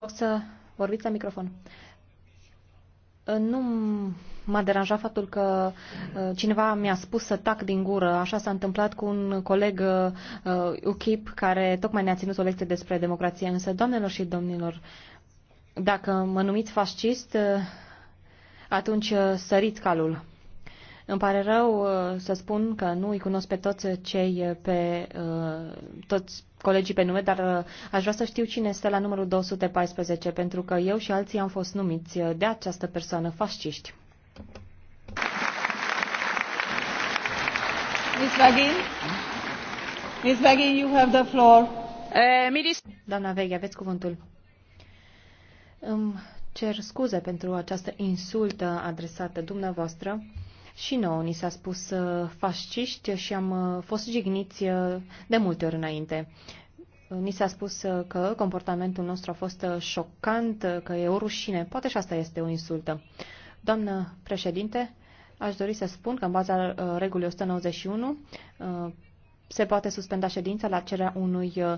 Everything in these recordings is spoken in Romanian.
rog să vorbiți la microfon. Nu m-a deranjat faptul că uh, cineva mi-a spus să tac din gură. Așa s-a întâmplat cu un coleg uh, UKIP care tocmai ne-a ținut o lecție despre democrație. Însă, doamnelor și domnilor, dacă mă numiți fascist, uh, atunci săriți calul. Îmi pare rău uh, să spun că nu îi cunosc pe toți cei uh, pe uh, toți colegii pe nume, dar aș vrea să știu cine este la numărul 214, pentru că eu și alții am fost numiți de această persoană fasciști. Ms. Vagin? Ms. Vagin, you have the floor. Eh, Doamna Veghe, aveți cuvântul. Îmi cer scuze pentru această insultă adresată dumneavoastră. Și nouă ni s-a spus uh, fasciști și am uh, fost jigniți uh, de multe ori înainte. Ni s-a spus că comportamentul nostru a fost șocant, că e o rușine. Poate și asta este o insultă. Doamnă președinte, aș dori să spun că în baza regulii 191 se poate suspenda ședința la cererea unui uh,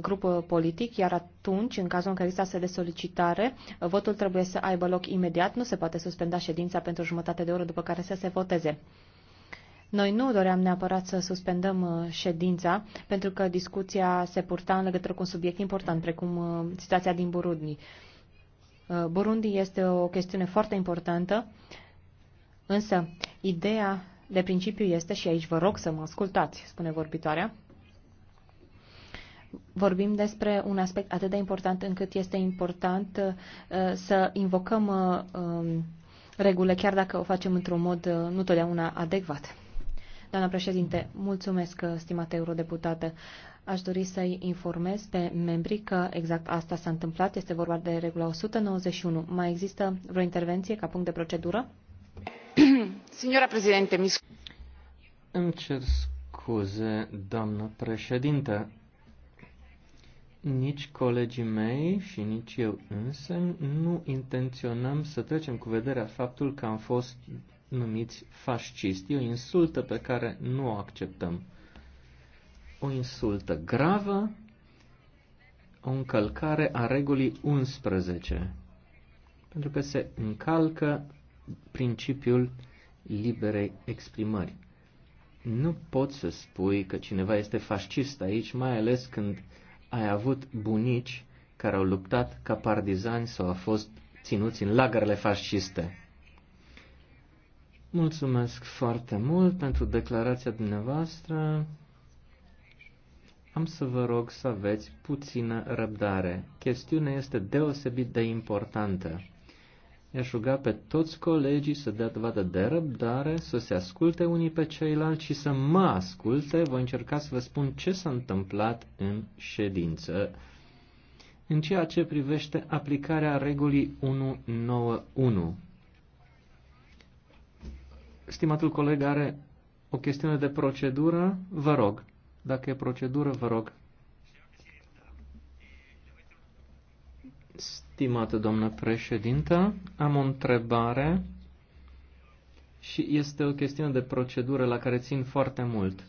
grup politic, iar atunci, în cazul în care există de solicitare, votul trebuie să aibă loc imediat. Nu se poate suspenda ședința pentru jumătate de oră după care să se voteze. Noi nu doream neapărat să suspendăm uh, ședința, pentru că discuția se purta în legătură cu un subiect important, precum uh, situația din Burundi. Burundi este o chestiune foarte importantă, însă ideea de principiu este, și aici vă rog să mă ascultați, spune vorbitoarea, vorbim despre un aspect atât de important încât este important uh, să invocăm regulă, uh, um, regulile, chiar dacă o facem într-un mod uh, nu totdeauna adecvat. Doamna președinte, mulțumesc, stimată eurodeputată. Aș dori să-i informez pe membrii că exact asta s-a întâmplat. Este vorba de regula 191. Mai există vreo intervenție ca punct de procedură? Signora Presidente, mi Îmi cer scuze, doamnă președinte. Nici colegii mei și nici eu însă nu intenționăm să trecem cu vederea faptul că am fost numiți fascisti. E o insultă pe care nu o acceptăm. O insultă gravă, o încălcare a regulii 11, pentru că se încalcă principiul liberei exprimări. Nu poți să spui că cineva este fascist aici, mai ales când ai avut bunici care au luptat ca partizani sau au fost ținuți în lagărele fasciste. Mulțumesc foarte mult pentru declarația dumneavoastră. Am să vă rog să aveți puțină răbdare. Chestiunea este deosebit de importantă. I-aș ruga pe toți colegii să dea dovadă de răbdare, să se asculte unii pe ceilalți și să mă asculte. Voi încerca să vă spun ce s-a întâmplat în ședință. În ceea ce privește aplicarea regulii 191. Stimatul coleg are o chestiune de procedură, vă rog. Dacă e procedură, vă rog. Stimată doamnă președintă, am o întrebare și este o chestiune de procedură la care țin foarte mult.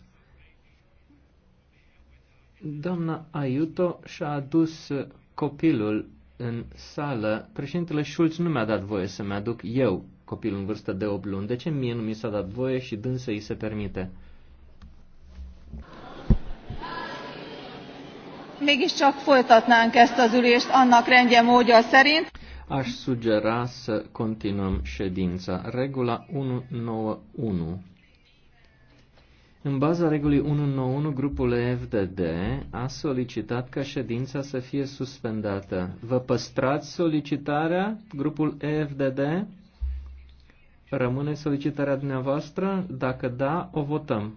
Doamna Aiuto și-a adus copilul în sală. Președintele Schulz nu mi-a dat voie să-mi aduc eu copilul în vârstă de 8 luni. De ce mie nu mi s-a dat voie și dânsă îi se permite? mégiscsak folytatnánk ezt az ülést annak rendje módja szerint. Aș sugera să continuăm ședința. Regula 191. În baza regulii 191, grupul FDD a solicitat ca ședința să fie suspendată. Vă păstrați solicitarea, grupul FDD? Rămâne solicitarea dumneavoastră? Dacă da, o votăm.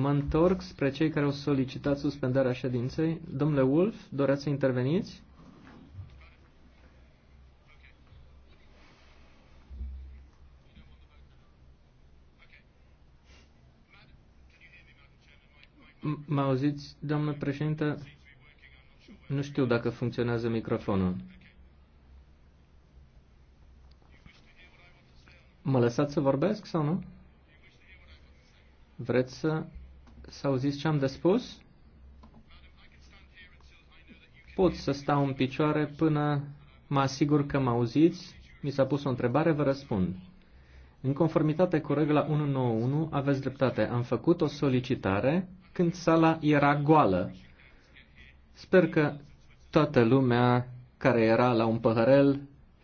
Mă întorc spre cei care au solicitat suspendarea ședinței. Domnule Wolf, doreați să interveniți? Mă auziți, doamnă președinte? Nu știu dacă funcționează microfonul. Mă lăsați să vorbesc sau nu? Vreți să să auziți ce am de spus? Pot să stau în picioare până mă asigur că mă auziți. Mi s-a pus o întrebare, vă răspund. În conformitate cu regula 191, aveți dreptate, am făcut o solicitare când sala era goală. Sper că toată lumea care era la un păhărel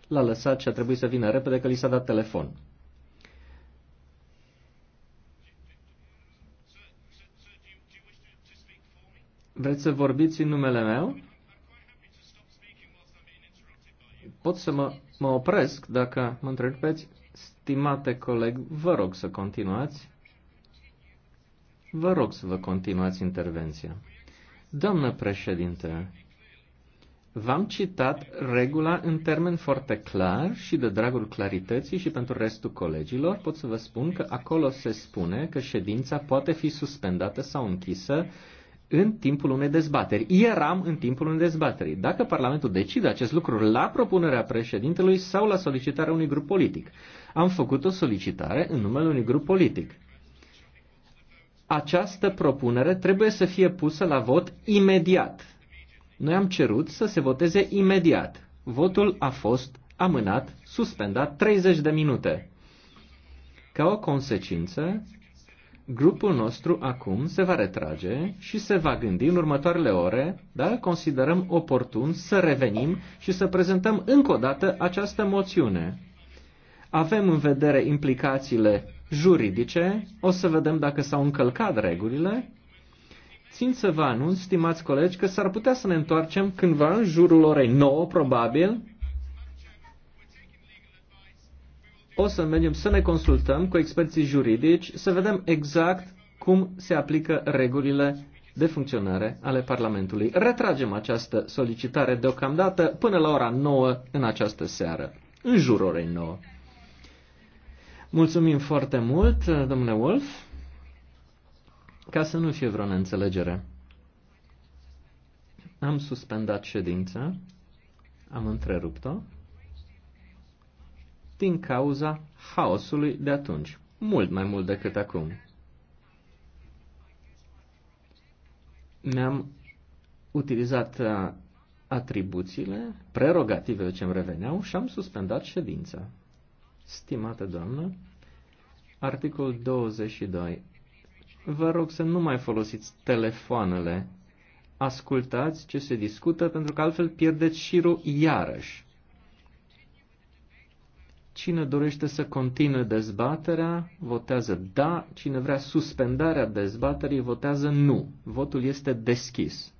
l-a lăsat și a trebuit să vină repede că li s-a dat telefon. Vreți să vorbiți în numele meu? Pot să mă, mă opresc dacă mă întrerupeți. Stimate coleg, vă rog să continuați. Vă rog să vă continuați intervenția. Doamnă președinte, v-am citat regula în termen foarte clar și de dragul clarității și pentru restul colegilor pot să vă spun că acolo se spune că ședința poate fi suspendată sau închisă în timpul unei dezbateri. Eram în timpul unei dezbateri. Dacă Parlamentul decide acest lucru la propunerea președintelui sau la solicitarea unui grup politic. Am făcut o solicitare în numele unui grup politic. Această propunere trebuie să fie pusă la vot imediat. Noi am cerut să se voteze imediat. Votul a fost amânat, suspendat 30 de minute. Ca o consecință, grupul nostru acum se va retrage și se va gândi în următoarele ore dar considerăm oportun să revenim și să prezentăm încă o dată această moțiune. Avem în vedere implicațiile juridice, o să vedem dacă s-au încălcat regulile. Țin să vă anunț, stimați colegi, că s-ar putea să ne întoarcem cândva în jurul orei 9, probabil, o să mergem să ne consultăm cu experții juridici, să vedem exact cum se aplică regulile de funcționare ale Parlamentului. Retragem această solicitare deocamdată până la ora 9 în această seară, în jurul orei 9. Mulțumim foarte mult, domnule Wolf, ca să nu fie vreo neînțelegere. Am suspendat ședința, am întrerupt-o din cauza haosului de atunci, mult mai mult decât acum. Mi-am utilizat uh, atribuțiile, prerogativele ce îmi reveneau și am suspendat ședința. Stimată doamnă, articol 22. Vă rog să nu mai folosiți telefoanele. Ascultați ce se discută, pentru că altfel pierdeți șirul iarăși. Cine dorește să continue dezbaterea, votează da. Cine vrea suspendarea dezbaterii, votează nu. Votul este deschis.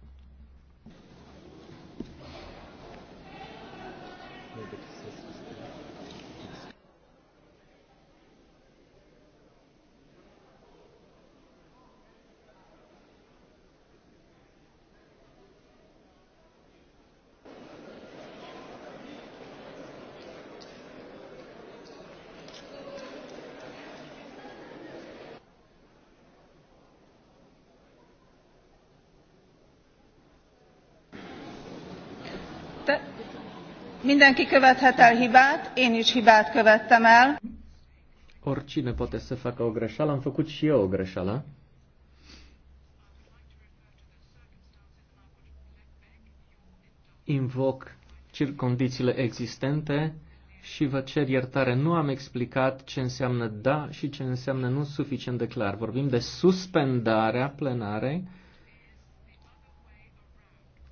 Mindenki követhet el hibát, én is hibát követtem el. Oricine poate să facă o greșeală, am făcut și eu o greșeală. Invoc circondițiile existente și vă cer iertare. Nu am explicat ce înseamnă da și ce înseamnă nu suficient de clar. Vorbim de suspendarea plenarei.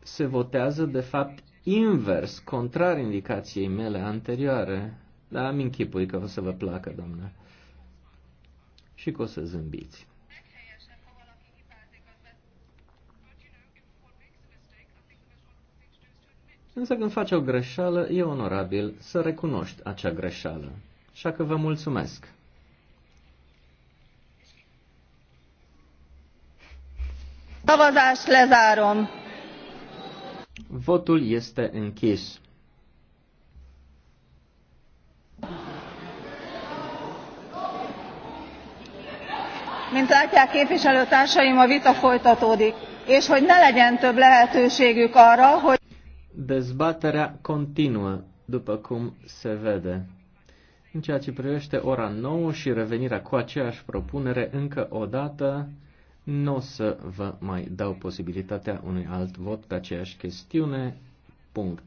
Se votează, de fapt, invers, contrar indicației mele anterioare. Dar am închipui că o să vă placă, domnule, Și că o să zâmbiți. Însă când faci o greșeală, e onorabil să recunoști acea greșeală. Așa că vă mulțumesc. Szavazást lezárom. Votul este închis. Mint látják képviselőtársaim, a vita folytatódik, és hogy ne legyen több lehetőségük arra, hogy... Dezbaterea continuă, după cum se vede. În ceea ce privește ora 9 și revenirea cu aceeași propunere încă o dată, nu o să vă mai dau posibilitatea unui alt vot pe aceeași chestiune. Punct.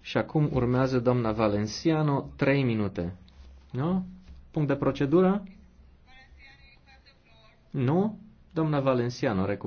Și acum urmează doamna Valenciano, 3 minute. Nu? Punct de procedură? Nu? Doamna Valenciano,